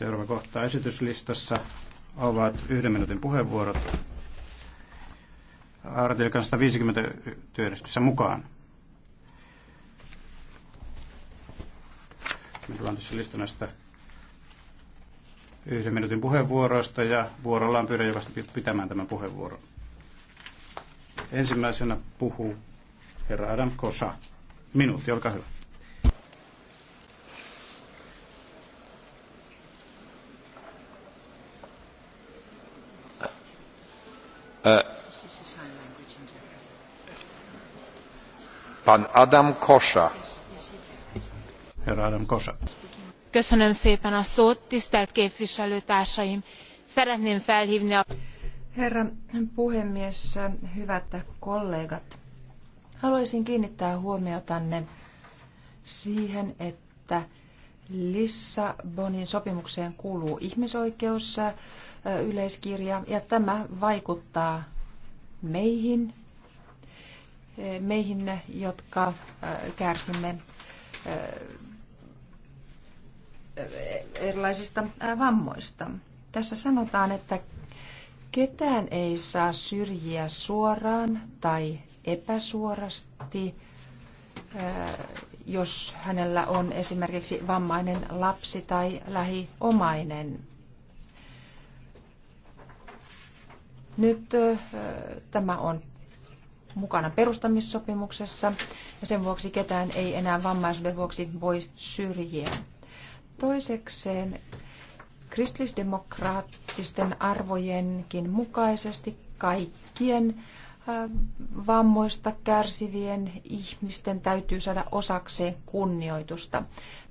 Seuraava kohta esityslistassa ovat yhden minuutin puheenvuorot. Artiklan 150 työjärjestyksessä mukaan. Minulla on tässä lista näistä yhden minuutin puheenvuoroista ja vuorollaan pyydän jokaista pitämään tämän puheenvuoron. Ensimmäisenä puhuu herra Adam Kosa. Minuutti, olkaa hyvä. Pan Adam Kosa. Herra Adam Kosa. Köszönöm szépen a szót, tisztelt képviselőtársaim! Szeretném felhívni a... Herra puhemies, hyvät kollegat. Haluaisin kiinnittää huomiotanne siihen, että Lissabonin sopimukseen kuuluu ihmisoikeus, yleiskirja, ja tämä vaikuttaa meihin meihin, jotka kärsimme erilaisista vammoista. Tässä sanotaan, että ketään ei saa syrjiä suoraan tai epäsuorasti, jos hänellä on esimerkiksi vammainen lapsi tai lähiomainen. Nyt tämä on mukana perustamissopimuksessa ja sen vuoksi ketään ei enää vammaisuuden vuoksi voi syrjiä. Toisekseen kristillisdemokraattisten arvojenkin mukaisesti kaikkien vammoista kärsivien ihmisten täytyy saada osakseen kunnioitusta.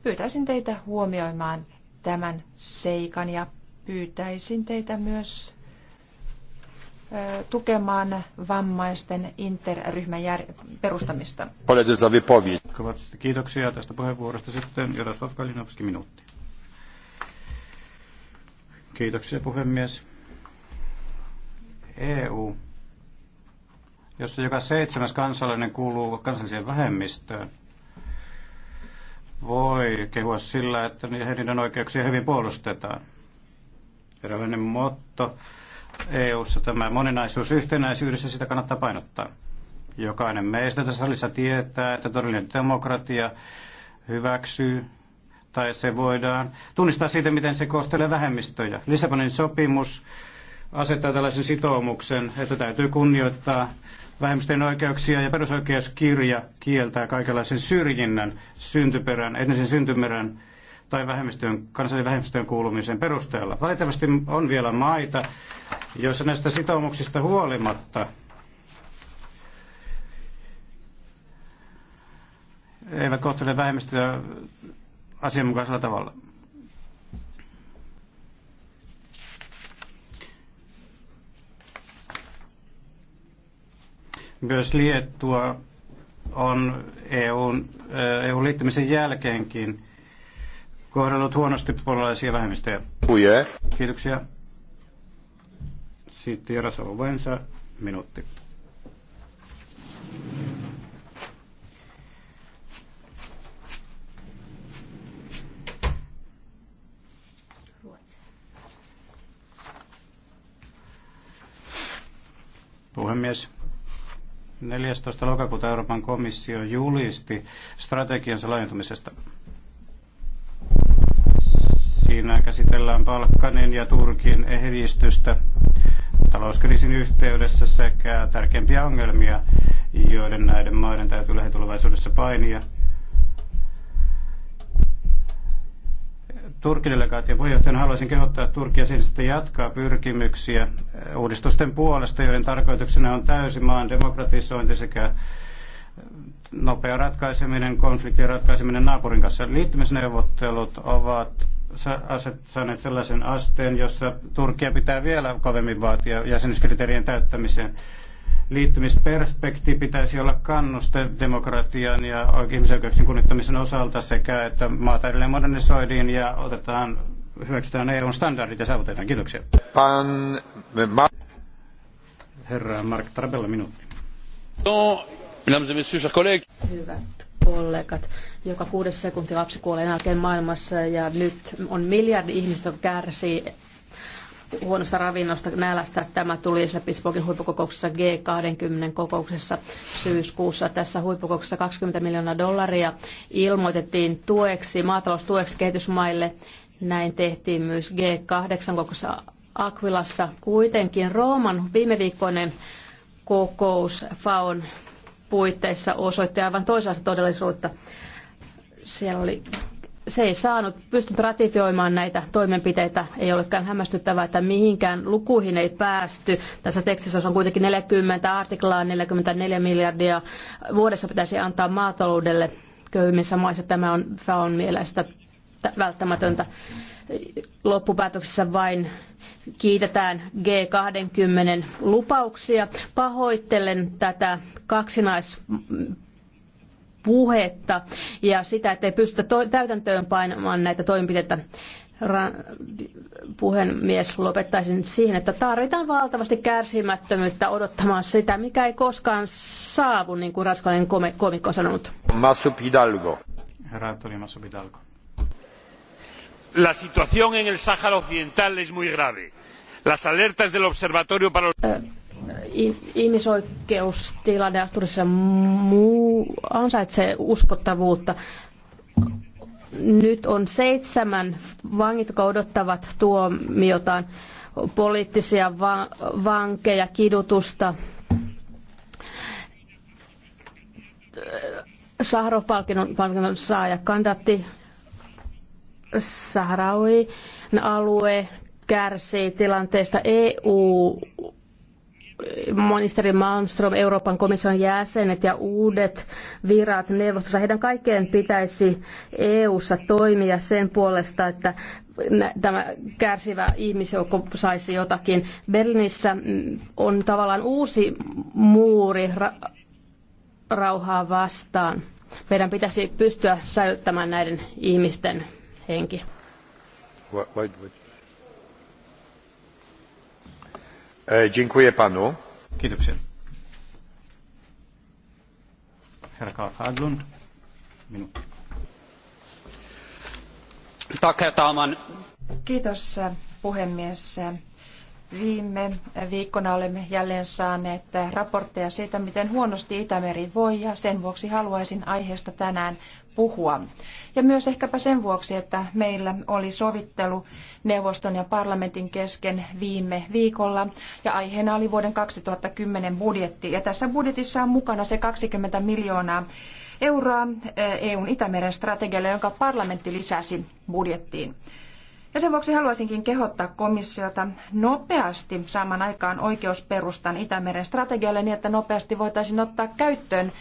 Pyytäisin teitä huomioimaan tämän seikan ja pyytäisin teitä myös tukemaan vammaisten interryhmän jär- perustamista. kiitoksia tästä puheenvuorosta. Sitten Jaroslav Kalinovski minuutti. Kiitoksia puhemies. EU, jossa joka seitsemäs kansalainen kuuluu kansalliseen vähemmistöön, voi kehua sillä, että heidän oikeuksia hyvin puolustetaan. Eräänlainen motto EU-ssa tämä moninaisuus yhtenäisyydessä, sitä kannattaa painottaa. Jokainen meistä tässä salissa tietää, että todellinen demokratia hyväksyy tai se voidaan tunnistaa siitä, miten se kohtelee vähemmistöjä. Lissabonin sopimus asettaa tällaisen sitoumuksen, että täytyy kunnioittaa vähemmistöjen oikeuksia ja perusoikeuskirja kieltää kaikenlaisen syrjinnän syntyperän, etnisen syntyperän tai vähemmistöön, kansallisen vähemmistöön kuulumisen perusteella. Valitettavasti on vielä maita, joissa näistä sitoumuksista huolimatta eivät kohtele vähemmistöä asianmukaisella tavalla. Myös Liettua on EU-liittymisen e EU jälkeenkin kohdellut huonosti puolalaisia vähemmistöjä. Uje. Kiitoksia. Sitten Jarasalo Vensa, minuutti. Puhemies. 14. lokakuuta Euroopan komissio julisti strategiansa laajentumisesta. Siinä käsitellään Balkanin ja Turkin ehdistystä talouskriisin yhteydessä sekä tärkeimpiä ongelmia, joiden näiden maiden täytyy lähitulevaisuudessa painia. Turkin delegaation puheenjohtajana haluaisin kehottaa Turkia siihen, että jatkaa pyrkimyksiä uudistusten puolesta, joiden tarkoituksena on täysin maan demokratisointi sekä nopea ratkaiseminen, konfliktien ratkaiseminen naapurin kanssa. Liittymisneuvottelut ovat asettaneet sellaisen asteen, jossa Turkia pitää vielä kovemmin vaatia jäsenyyskriteerien täyttämiseen. Liittymisperspekti pitäisi olla kannuste demokratian ja ihmisoikeuksien kunnittamisen osalta sekä, että maata edelleen modernisoidiin ja otetaan, hyväksytään EUn standardit ja saavutetaan. Kiitoksia. Pan, ma- Herra Mark Tarabella, minuutti. No, mesdames et messieurs, chers collègues. Hyvät kollegat. Joka kuudes sekunti lapsi kuolee jälkeen maailmassa ja nyt on miljardi ihmistä, jotka kärsii huonosta ravinnosta, nälästä. Tämä tuli esille Pittsburghin huippukokouksessa G20 kokouksessa syyskuussa. Tässä huippukokouksessa 20 miljoonaa dollaria ilmoitettiin tueksi, maataloustueksi kehitysmaille. Näin tehtiin myös G8-kokouksessa Aquilassa. Kuitenkin Rooman viime viikkoinen kokous FAON puitteissa osoitti aivan toisaalta todellisuutta. Siellä oli se ei saanut, pystynyt ratifioimaan näitä toimenpiteitä. Ei olekaan hämmästyttävää, että mihinkään lukuihin ei päästy. Tässä tekstissä on kuitenkin 40 artiklaa, 44 miljardia vuodessa pitäisi antaa maataloudelle köyhimmissä maissa. Tämä on FAON mielestä välttämätöntä. Mm loppupäätöksessä vain kiitetään G20 lupauksia. Pahoittelen tätä kaksinaispuhetta ja sitä, ettei pystytä täytäntöön painamaan näitä toimenpiteitä. puhemies, lopettaisin siihen, että tarvitaan valtavasti kärsimättömyyttä odottamaan sitä, mikä ei koskaan saavu, niin kuin ranskalainen komikko on sanonut. Herra la situación en el Sáhara Occidental es muy grave. Las alertas del Observatorio para los... Ihmisoikeustilanne Asturissa muu ansaitsee uskottavuutta. Nyt on seitsemän vangit, jotka odottavat tuomiotaan poliittisia va- vankeja, kidutusta. Sahrov-palkinnon saaja kandatti Sahrawi alue kärsii tilanteesta EU ministeri Malmström, Euroopan komission jäsenet ja uudet virat neuvostossa, heidän kaikkeen pitäisi EU-ssa toimia sen puolesta, että tämä kärsivä ihmisjoukko saisi jotakin. Berliinissä mm, on tavallaan uusi muuri ra- rauhaa vastaan. Meidän pitäisi pystyä säilyttämään näiden ihmisten henki. Eh, dziękuję panu. Kiitoksia. Herra Karl Haglund, minuutti. Tack, herr talman. Kiitos eh, puhemies. Viime viikkona olemme jälleen saaneet raportteja siitä, miten huonosti Itämeri voi ja sen vuoksi haluaisin aiheesta tänään puhua. Ja myös ehkäpä sen vuoksi, että meillä oli sovittelu neuvoston ja parlamentin kesken viime viikolla ja aiheena oli vuoden 2010 budjetti. Ja tässä budjetissa on mukana se 20 miljoonaa euroa eh, EUn Itämeren strategialle, jonka parlamentti lisäsi budjettiin. Ja sen vuoksi haluaisinkin kehottaa komissiota nopeasti saamaan aikaan oikeusperustan Itämeren strategialle niin, että nopeasti voitaisiin ottaa käyttöön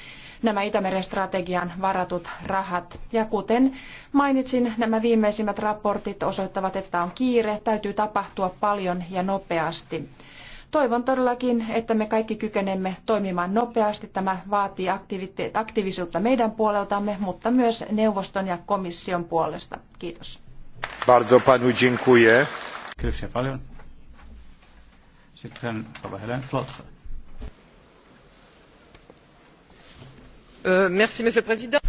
nämä Itämeren strategian varatut rahat. Ja kuten mainitsin, nämä viimeisimmät raportit osoittavat, että on kiire, täytyy tapahtua paljon ja nopeasti. Toivon todellakin, että me kaikki kykenemme toimimaan nopeasti. Tämä vaatii aktiivisuutta meidän puoleltamme, mutta myös neuvoston ja komission puolesta. Kiitos. Bardzo panu dziękuję.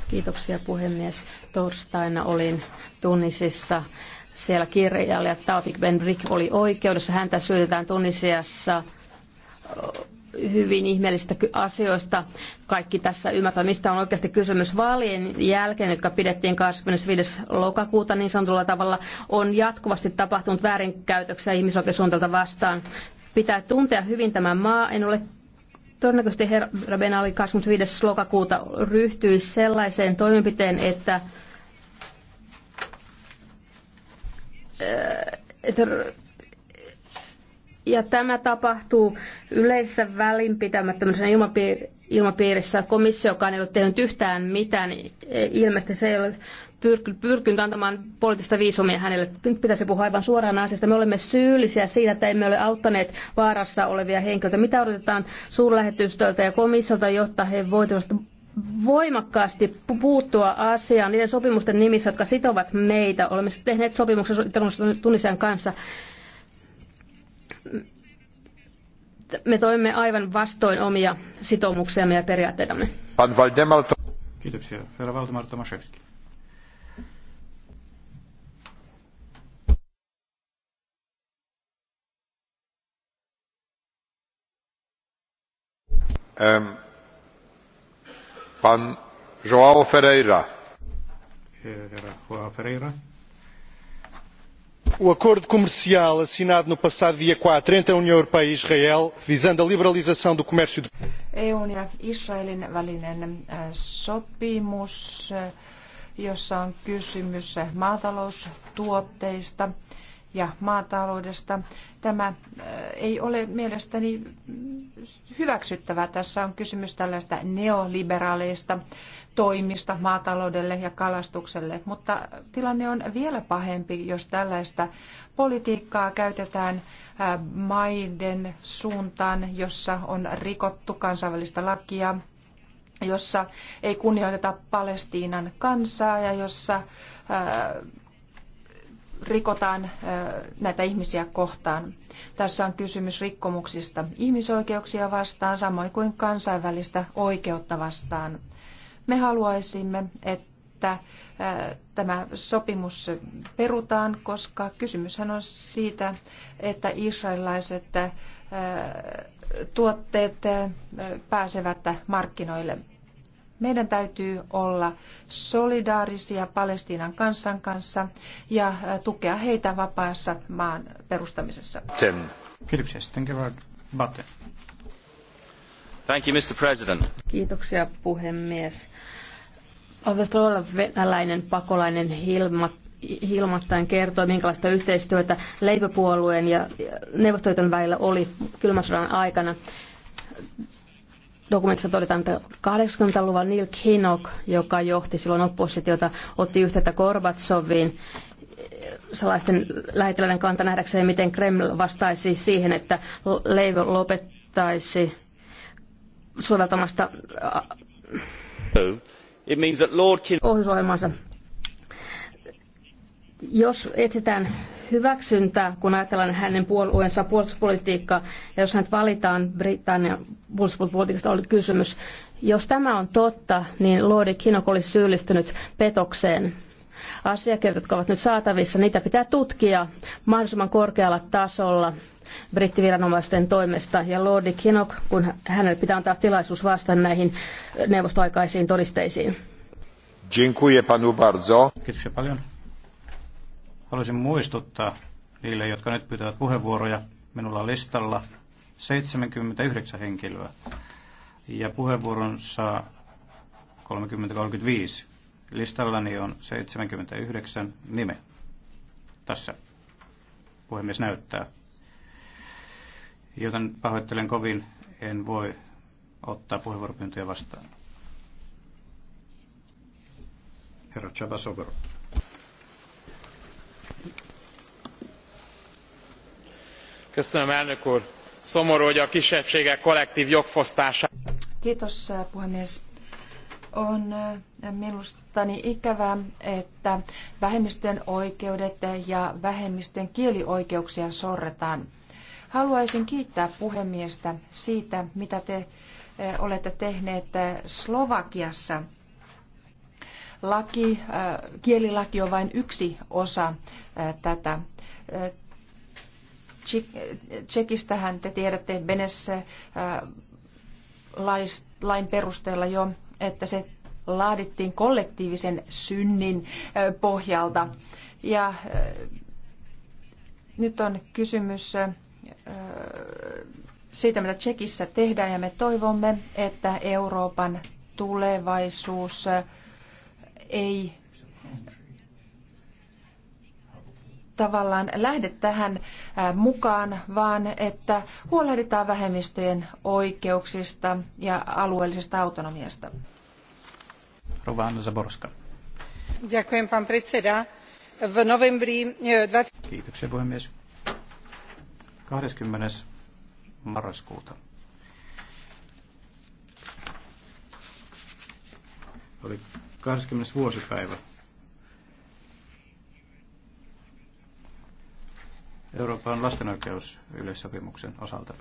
Kiitoksia puhemies. Torstaina olin Tunisissa siellä kirjailija Taufik Ben Brick oli oikeudessa. Häntä syytetään Tunisiassa hyvin ihmeellisistä asioista. Kaikki tässä ymmärtää, mistä on oikeasti kysymys. Vaalien jälkeen, jotka pidettiin 25. lokakuuta niin sanotulla tavalla, on jatkuvasti tapahtunut väärinkäytöksiä ihmisoikeussuuntelta vastaan. Pitää tuntea hyvin tämä maa. En ole todennäköisesti herra Benali 25. lokakuuta ryhtyi sellaiseen toimenpiteen, että, äh, että ja tämä tapahtuu yleisessä välinpitämättömässä ilmapiir- ilmapiirissä. Komissio, joka ei ole tehnyt yhtään mitään, ilmeisesti se ei ole pyrkynyt antamaan poliittista viisumia hänelle. Nyt pitäisi puhua aivan suoraan asiasta. Me olemme syyllisiä siitä, että emme ole auttaneet vaarassa olevia henkilöitä. Mitä odotetaan suurlähetystöltä ja komissiolta, jotta he voivat voimakkaasti puuttua asiaan niiden sopimusten nimissä, jotka sitovat meitä. Olemme tehneet sopimuksen tunnisen kanssa me toimme aivan vastoin omia sitoumuksiamme ja periaatteitamme. Kiitoksia. Herra Valdemar Tomaszewski. Pan Joao Ferreira. Herra Joao Ferreira o acordo comercial assinado no passado dia quatro entre a união europeia e israel visando a liberalização do comércio de. eun ja israelin välinen eh, sopimus eh, jossa on kysymys eh, maataloustuotteista ja maataloudesta. Tämä äh, ei ole mielestäni hyväksyttävää. Tässä on kysymys tällaista neoliberaaleista toimista maataloudelle ja kalastukselle, mutta tilanne on vielä pahempi, jos tällaista politiikkaa käytetään äh, maiden suuntaan, jossa on rikottu kansainvälistä lakia, jossa ei kunnioiteta Palestiinan kansaa ja jossa äh, rikotaan näitä ihmisiä kohtaan. Tässä on kysymys rikkomuksista ihmisoikeuksia vastaan, samoin kuin kansainvälistä oikeutta vastaan. Me haluaisimme, että tämä sopimus perutaan, koska kysymyshän on siitä, että israelilaiset tuotteet pääsevät markkinoille. Meidän täytyy olla solidaarisia Palestiinan kansan kanssa ja äh, tukea heitä vapaassa maan perustamisessa. Ten. Kiitoksia. Sitten Thank you, Mr. President. Kiitoksia, puhemies. Avestrolla venäläinen pakolainen Hilmat hilmattain kertoi, minkälaista yhteistyötä leipäpuolueen ja neuvostoliiton välillä oli kylmän sodan aikana dokumentissa todetaan, että 80-luvun Neil Kinnock, joka johti silloin oppositiota, otti yhteyttä Gorbatsoviin sellaisten lähettiläiden kanta nähdäkseen, miten Kreml vastaisi siihen, että Leivo lopettaisi soveltamasta ohjusohjelmansa. Jos etsitään Hyväksyntä, kun ajatellaan hänen puolueensa puolustuspolitiikkaa, ja jos hänet valitaan Britannian puolustuspolitiikasta oli kysymys. Jos tämä on totta, niin Lordi Kinok olisi syyllistynyt petokseen. Asiakirjat, jotka ovat nyt saatavissa, niitä pitää tutkia mahdollisimman korkealla tasolla brittiviranomaisten toimesta. Ja Lordi Kinok, kun hänelle pitää antaa tilaisuus vastata näihin neuvostoaikaisiin todisteisiin. Dziękuję panu bardzo. Kiitos paljon. Haluaisin muistuttaa niille, jotka nyt pyytävät puheenvuoroja, minulla on listalla 79 henkilöä ja puheenvuoron saa 30-35. Listallani on 79 nime. Tässä puhemies näyttää. Joten pahoittelen kovin, en voi ottaa puheenvuoropyyntöjä vastaan. Herra Chabasogoro. szomorú hogy a kisebbségek kollektv jogfosztására. Kiitos puhemies. On eh, minustani ikävää, että vähemmistön oikeudet ja vähemmistön kielioikeuksia sorretaan. Haluaisin kiittää puhemiestä siitä, mitä te eh, olette tehneet eh, Slovakiassa. Laki, kielilaki on vain yksi osa tätä Tsekistähän te tiedätte Benesse äh, lain perusteella jo, että se laadittiin kollektiivisen synnin äh, pohjalta. Ja äh, nyt on kysymys siitä, mitä Tsekissä tehdään, ja me toivomme, että Euroopan tulevaisuus ei tavallaan lähde tähän äh, mukaan, vaan että huolehditaan vähemmistöjen oikeuksista ja alueellisesta autonomiasta. Rova Anna Zaborska. E, Kiitoksia, puhemies. 20. marraskuuta oli 20. vuosipäivä Euroopan lastenoikeusyleissopimuksen osalta.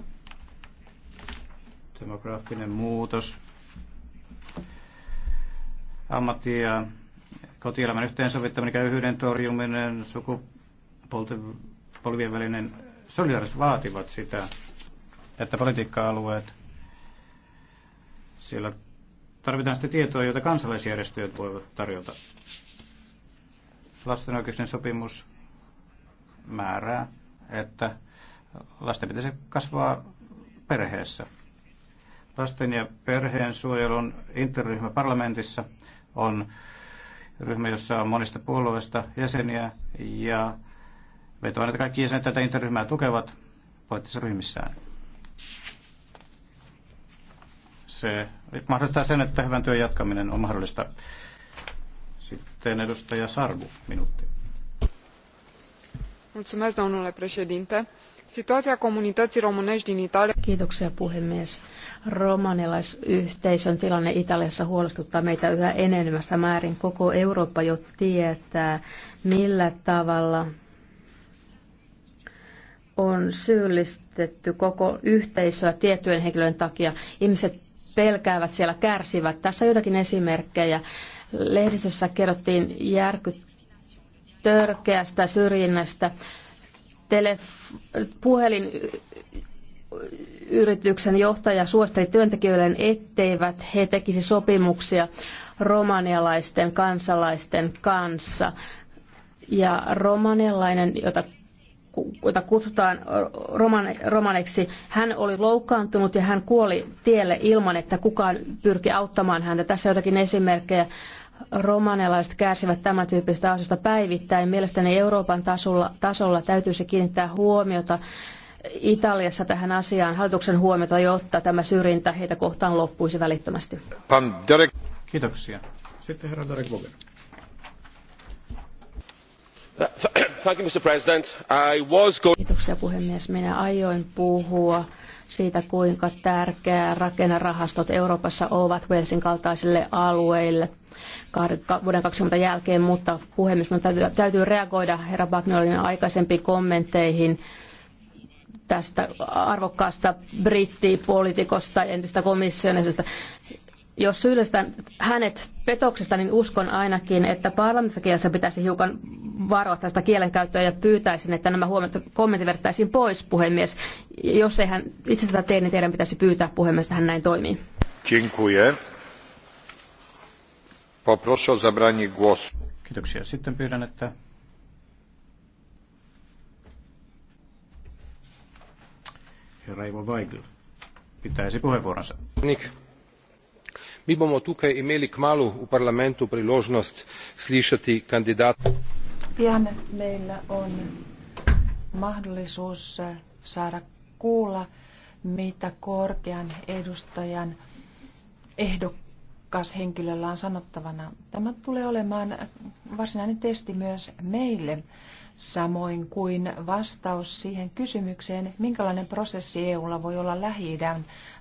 Demograafinen muutos, ammatti- ja kotielämän yhteensovittaminen, köyhyyden torjuminen, sukupolvien välinen solidaarisuus vaativat sitä, että politiikka-alueet, siellä tarvitaan sitä tietoa, jota kansalaisjärjestöt voivat tarjota. Lasten oikeuksien sopimus määrää että lasten pitäisi kasvaa perheessä. Lasten ja perheen suojelun interryhmä parlamentissa on ryhmä, jossa on monista puolueista jäseniä ja vetoan, että kaikki jäsenet tätä interryhmää tukevat poliittisissa ryhmissään. Se mahdollistaa sen, että hyvän työn jatkaminen on mahdollista. Sitten edustaja sarvu minuutti situaia comunităii româneti din italia. kiitoksia puhemies romanilaisyhteisön tilanne italiassa huolestuttaa meitä yhä enenevässä määrin. koko eurooppa jo tietää millä tavalla on syyllistetty koko yhteisöä tiettyjen henkilöiden takia. Ihmiset pelkäävät siellä, kärsivät. Tässä joitakin esimerkkejä. Lehdistössä kerrottiin järkyttävää törkeästä syrjinnästä. Telef- puhelinyrityksen johtaja suosteli työntekijöilleen, etteivät he tekisi sopimuksia romanialaisten kansalaisten kanssa. Ja romanialainen, jota jota kutsutaan romane, romaneksi, hän oli loukkaantunut ja hän kuoli tielle ilman, että kukaan pyrki auttamaan häntä. Tässä jotakin esimerkkejä romanialaiset kärsivät tämän tyyppisistä asioista päivittäin. Mielestäni Euroopan tasolla, tasolla täytyisi kiinnittää huomiota Italiassa tähän asiaan, hallituksen huomiota, jotta tämä syrjintä heitä kohtaan loppuisi välittömästi. Kiitoksia. Sitten herra Derek Boger. Thank you, Mr. President. I was going... Kiitoksia puhemies. Minä aioin puhua siitä, kuinka tärkeää rakennerahastot Euroopassa ovat Walesin kaltaisille alueille vuoden 20 jälkeen, mutta puhemies, minun täytyy, täytyy reagoida herra Bagnorin aikaisempiin kommentteihin tästä arvokkaasta brittipoliitikosta ja entistä komissionista jos syyllistän hänet petoksesta, niin uskon ainakin, että parlamentissa kielessä pitäisi hiukan varoa tästä kielenkäyttöä ja pyytäisin, että nämä huomiot, kommentit pois, puhemies. Jos ei hän itse tätä tee, niin teidän pitäisi pyytää puhemies, että hän näin toimii. Dziękuję. Poproszę o zabranie głosu. Kiitoksia. Sitten pyydän, että herra Ivo Weigl pitäisi puheenvuoronsa. Nick mi bomo tukaj imeli kmalu v parlamentu priložnost slišati kandidata eh, korkean edustajan rakas henkilöllä on sanottavana. Tämä tulee olemaan varsinainen testi myös meille, samoin kuin vastaus siihen kysymykseen, minkälainen prosessi EUlla voi olla lähi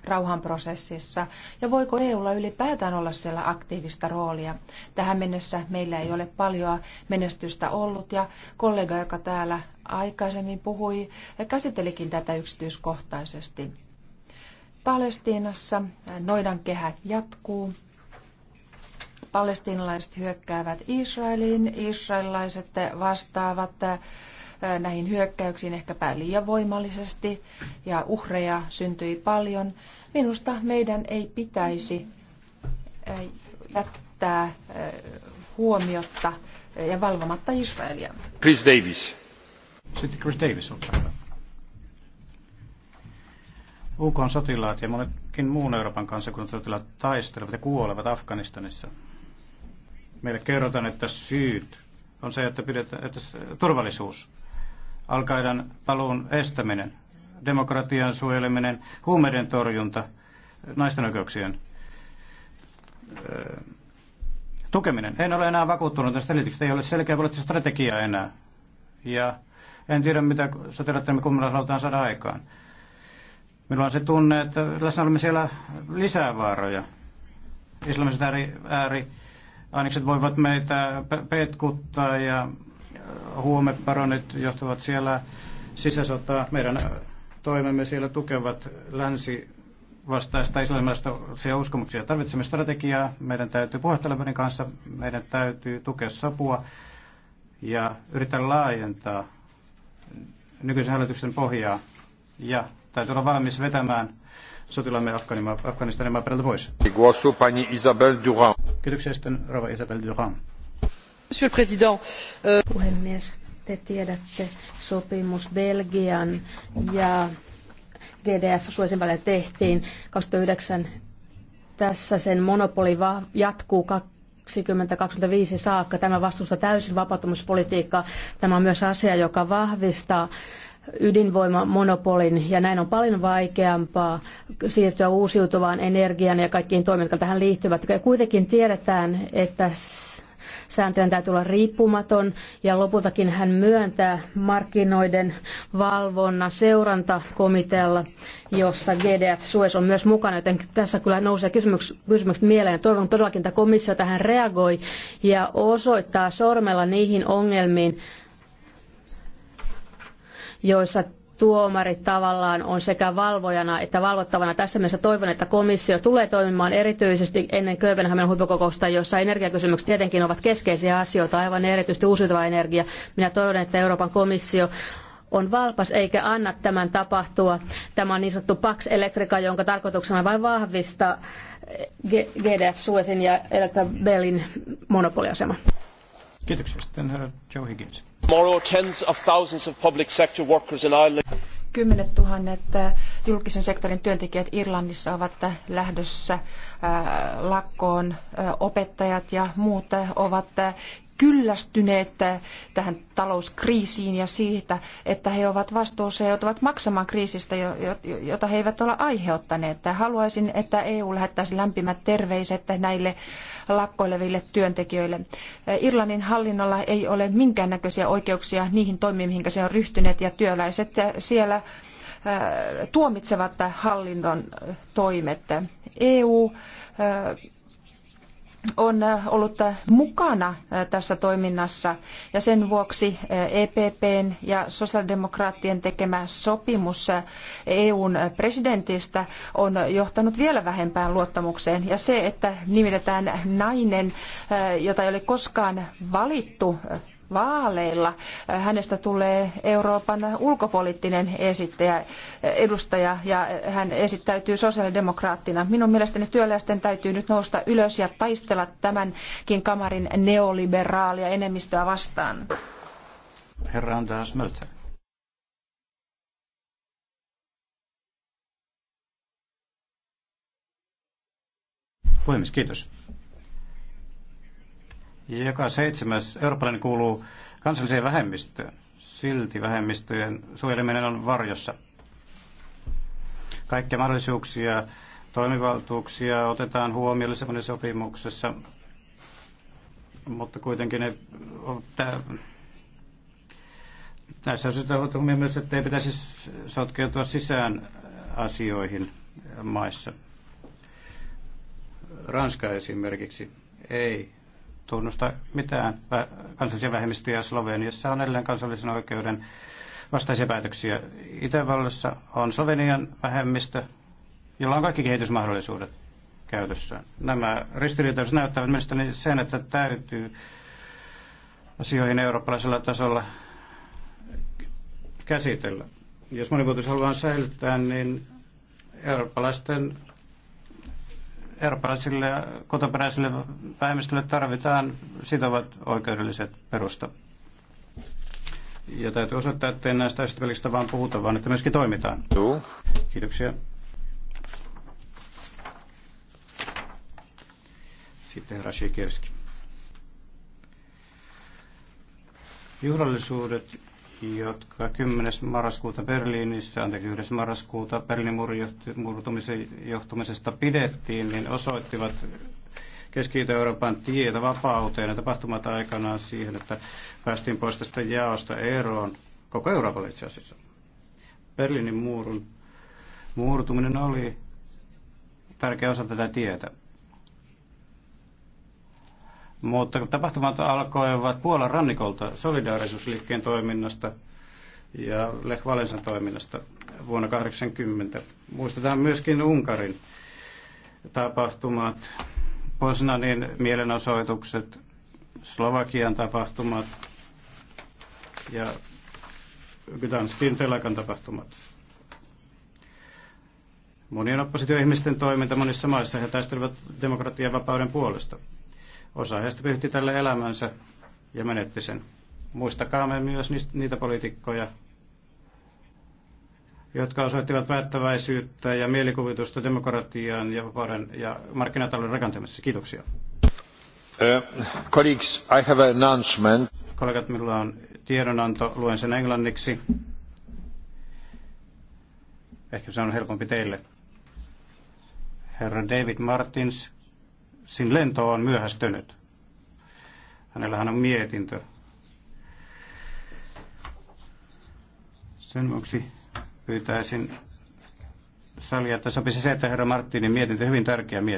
rauhanprosessissa ja voiko EUlla ylipäätään olla siellä aktiivista roolia. Tähän mennessä meillä ei ole paljon menestystä ollut ja kollega, joka täällä aikaisemmin puhui, käsittelikin tätä yksityiskohtaisesti. Palestiinassa kehä jatkuu. Palestiinalaiset hyökkäävät Israeliin, israelilaiset vastaavat eh, näihin hyökkäyksiin ehkäpä liian voimallisesti ja uhreja syntyi paljon. Minusta meidän ei pitäisi eh, jättää eh, huomiotta ja valvomatta Israelia. Chris Davis. Sitten Chris Davis, olkaa hyvä. UK on sotilaat ja monetkin muun Euroopan kun sotilaat taistelevat ja kuolevat Afganistanissa Meille kerrotaan, että syyt on se, että, pidetään, että turvallisuus, alkaidan paluun estäminen, demokratian suojeleminen, huumeiden torjunta, naisten oikeuksien tukeminen. En ole enää vakuuttunut tästä selityksestä ei ole selkeä poliittista strategiaa enää. Ja en tiedä, mitä sotilaattelemme kummalla halutaan saada aikaan. Minulla on se tunne, että läsnä olemme siellä lisää vaaroja. Islamiset ääri, ääri Ainekset voivat meitä petkuttaa ja äh, huomeparonit johtavat siellä sisäsotaa. Meidän äh, toimemme siellä tukevat länsi vastaista islamilaisia uskomuksia. Tarvitsemme strategiaa, meidän täytyy puhettelevainen kanssa, meidän täytyy tukea sopua ja yrittää laajentaa nykyisen hallituksen pohjaa ja täytyy olla valmis vetämään sotilamme Afganistanin maaperältä pois. pani Isabel Durand. Monsieur le Président. Euh, Puhemies, te tiedätte sopimus Belgian ja GDF-suosin välillä tehtiin 2009. Tässä sen monopoli jatkuu kaksikymmentäviisi saakka. Tämä vastustaa täysin vapauttamispolitiikkaa. Tämä on myös asia, joka vahvistaa ydinvoimamonopolin ja näin on paljon vaikeampaa siirtyä uusiutuvaan energiaan ja kaikkiin toimiin, jotka tähän liittyvät. kuitenkin tiedetään, että sääntelyn täytyy olla riippumaton ja lopultakin hän myöntää markkinoiden valvonnan seurantakomitealla, jossa GDF Suez on myös mukana, joten tässä kyllä nousee kysymykset, kysymykset mieleen. Ja toivon todellakin, että komissio tähän reagoi ja osoittaa sormella niihin ongelmiin, joissa tuomari tavallaan on sekä valvojana että valvottavana. Tässä mielessä toivon, että komissio tulee toimimaan erityisesti ennen Kööpenhaminan huippukokousta, jossa energiakysymykset tietenkin ovat keskeisiä asioita, aivan erityisesti uusiutuva energia. Minä toivon, että Euroopan komissio on valpas eikä anna tämän tapahtua. Tämä on niin sanottu Pax Electrica, jonka tarkoituksena on vain vahvistaa GDF Suezin ja Elektra Bellin monopoliasema. Kiitoksia sitten herra Joe Higgins. Tomorrow tens of thousands of public sector workers in Ireland. Kymmenet tuhannet äh, julkisen sektorin työntekijät Irlannissa ovat äh, lähdössä äh, lakkoon. Opettajat ja muut ovat kyllästyneet tähän talouskriisiin ja siitä, että he ovat vastuussa ja joutuvat maksamaan kriisistä, jota he eivät ole aiheuttaneet. Haluaisin, että EU lähettäisi lämpimät terveiset näille lakkoileville työntekijöille. Irlannin hallinnolla ei ole minkäännäköisiä oikeuksia niihin toimiin, mihin se on ryhtynyt, ja työläiset siellä äh, tuomitsevat hallinnon toimet. EU äh, on äh, ollut äh, mukana äh, tässä toiminnassa ja sen vuoksi EPPn ja sosiaalidemokraattien tekemä sopimus EUn presidentistä on johtanut vielä vähempään luottamukseen ja se, että nimitetään nainen, jota ei ole koskaan valittu vaaleilla hänestä tulee Euroopan ulkopoliittinen esittäjä, edustaja ja hän esittäytyy sosiaalidemokraattina. Minun mielestäni työläisten täytyy nyt nousta ylös ja taistella tämänkin kamarin neoliberaalia enemmistöä vastaan. Herra Anders Mölzer. Puhemies, kiitos. Joka seitsemäs eurooppalainen kuuluu kansalliseen vähemmistöön. Silti vähemmistöjen suojeleminen on varjossa. Kaikkia mahdollisuuksia, toimivaltuuksia otetaan huomioon Lissabonin sopimuksessa, mutta kuitenkin ne, tämä, tässä on syytä huomioon myös, että ei pitäisi sotkeutua sisään asioihin maissa. Ranska esimerkiksi ei tunnusta mitään kansallisia vähemmistöjä. Sloveniassa on edelleen kansallisen oikeuden vastaisia päätöksiä. Itävallassa on Slovenian vähemmistö, jolla on kaikki kehitysmahdollisuudet käytössään. Nämä ristiriitaiset näyttävät mielestäni sen, että täytyy asioihin eurooppalaisella tasolla käsitellä. Jos monivuotoisuus haluaa säilyttää, niin eurooppalaisten eurooppalaisille kotoperäisille vähemmistölle tarvitaan sitovat oikeudelliset perusta. Ja täytyy osoittaa, että näistä asioista vaan puhuta, vaan että myöskin toimitaan. Joo. Kiitoksia. Sitten herra Sikerski. Juhlallisuudet jotka 10. marraskuuta Berliinissä, anteeksi 1. marraskuuta Berliinin murtumisen johtumisesta pidettiin, niin osoittivat Keski-Euroopan tietä vapauteen ja tapahtumat aikanaan siihen, että päästiin pois tästä jaosta eroon koko Euroopan itse asiassa. Berliinin muurun oli tärkeä osa tätä tietä. Mutta kun tapahtumat alkoivat Puolan rannikolta solidaarisuusliikkeen toiminnasta ja Lech Valensan toiminnasta vuonna 1980. Muistetaan myöskin Unkarin tapahtumat, Poznanin mielenosoitukset, Slovakian tapahtumat ja Gdanskin telakan tapahtumat. Monien oppositioihmisten toiminta monissa maissa he taistelivat demokratian vapauden puolesta. Osa heistä pyhti tälle elämänsä ja menetti sen. Muistakaamme myös niitä poliitikkoja, jotka osoittivat päättäväisyyttä ja mielikuvitusta demokratiaan ja vapauden ja markkinatalouden rakentamisessa. Kiitoksia. Uh, colleagues, I have an announcement. Kollegat, minulla on tiedonanto, luen sen englanniksi. Ehkä se on helpompi teille. Herra David Martins, Sin lento on myöhästynyt. Hänellähän on mietintö. Sen vuoksi pyytäisin salia, että sopisi se, että herra Marttinin mietintö, hyvin tärkeä mietintö,